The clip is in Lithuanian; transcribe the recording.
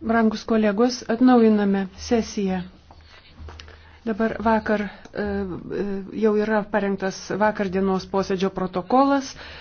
Brangus kolegos, atnaujiname sesiją. Dabar vakar e, e, jau yra parengtas vakardienos posėdžio protokolas.